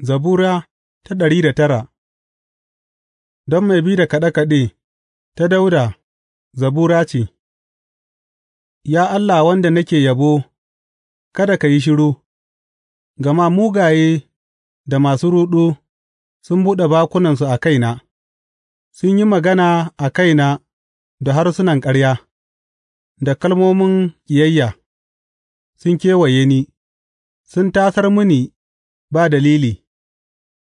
Zabura ta ɗari da tara Don mai bi da kaɗe kaɗe ta Dauda, zabura ce Ya Allah wanda nake yabo, kada ka yi shiru, gama mugaye da masu ruɗu sun buɗe bakunansu a kaina, sun yi magana a kaina da harsunan ƙarya, da kalmomin ƙiyayya sun kewaye ni, sun tasar mini ba dalili.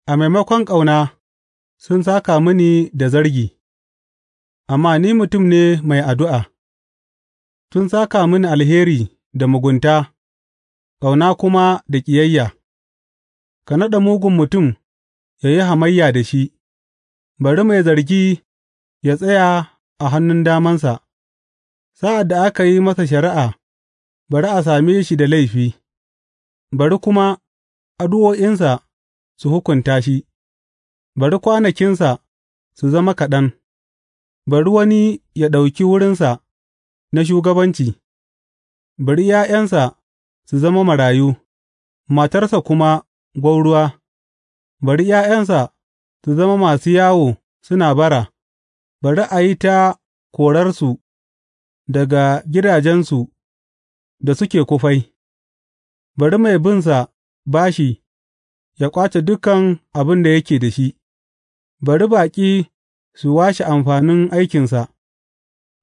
A maimakon ƙauna, sun sāka mini da zargi, amma ni mutum ne mai addu'a; sun sāka mini alheri da mugunta, ƙauna kuma da ƙiyayya; ka naɗa mugun mutum ya yi hamayya da shi, bari mai zargi ya tsaya a hannun damansa; sa'ad da aka yi masa shari'a, bari a same shi da laifi, bari kuma addu'o'insa. su hukunta shi, bari kwanakinsa su zama kaɗan, bari wani ya ɗauki wurinsa na shugabanci, bari ’ya'yansa su zama marayu, matarsa kuma gwauruwa, bari ’ya'yansa su zama masu yawo suna bara, bari a yi ta korarsu daga gidajensu da suke kufai, bari mai binsa bashi. ya ƙwace dukan abin da yake da shi, bari baƙi su washe amfanin aikinsa,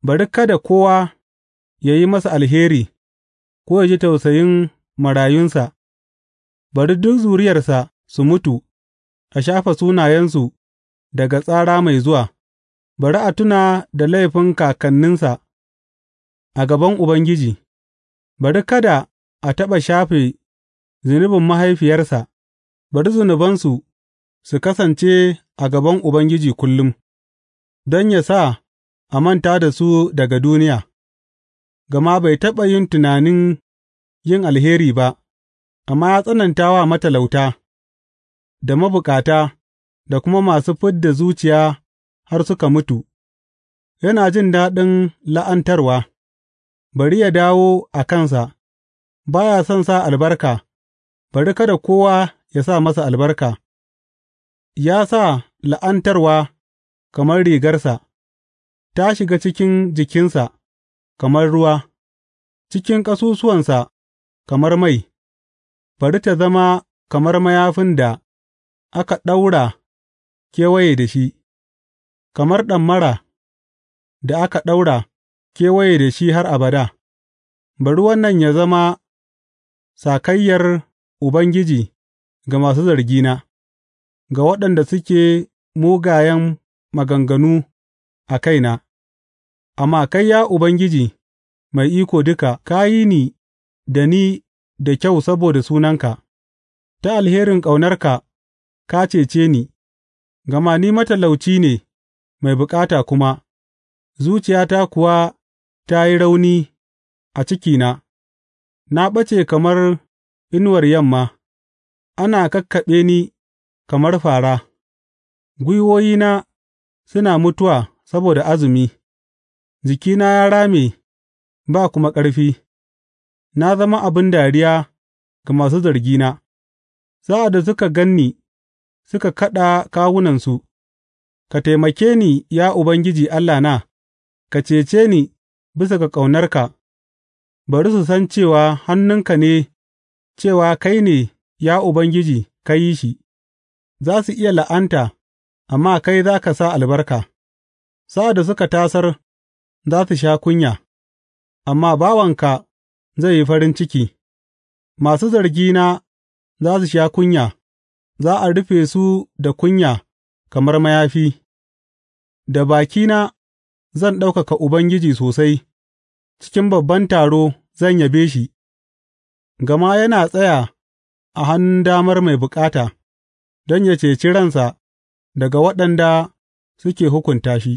bari kada kowa ya yi masa alheri ko ya ji tausayin marayunsa, bari duk zuriyarsa su mutu a shafe sunayensu daga tsara mai zuwa, bari a tuna da laifin kakanninsa a gaban Ubangiji, bari kada a taɓa shafe zunubin mahaifiyarsa. Bari zunubansu su kasance a gaban Ubangiji kullum, don yă sa a manta da su daga duniya, gama bai taɓa yin tunanin yin alheri ba, amma ya tsananta wa matalauta, da mabukata, da kuma masu fid da zuciya har suka mutu, yana jin daɗin la'antarwa, bari ya dawo a kansa, ba ya son sa albarka, bari kada kowa ya sa masa albarka, ya sa la'antarwa kamar rigarsa, ta shiga cikin jikinsa kamar ruwa, cikin ƙasusuwansa kamar mai, bari ta zama kamar mayafin da aka ɗaura kewaye da shi, kamar ɗammara da aka ɗaura kewaye da shi har abada, bari wannan ya zama sakayyar Ubangiji. ga masu zargina, ga waɗanda suke mugayen maganganu a kaina, amma kai, ya Ubangiji Mai Iko Duka, ka yi ni da ni da kyau saboda sunanka, ta alherin ƙaunarka ka cece ni, gama ni matalauci ne mai bukata kuma, zuciyata kuwa ta yi rauni a cikina, na ɓace kamar inuwar yamma. ana kakkaɓe ni kamar fāra; gwiwoyina suna mutuwa saboda azumi, jikina ya rame ba kuma ƙarfi, na zama abin dariya ga masu zargina, sa'ad da suka gan ni suka kaɗa kawunansu; ka taimake ni, ya Ubangiji Allahna, ka cece ni bisa ga ƙaunarka; bari su san cewa hannunka ne cewa kai ne. ya Ubangiji, ka yi shi, za su iya la'anta, amma kai za ka sa albarka, sa'ad da suka tasar za su sha kunya, amma bawanka zai yi farin ciki, masu zargina za su sha kunya, za a rufe su da kunya kamar mayafi, da bakina zan ɗaukaka Ubangiji sosai, cikin babban taro zan yabe shi, gama yana tsaya. a hannun damar mai bukata, don yă ceci ransa daga waɗanda suke hukunta shi.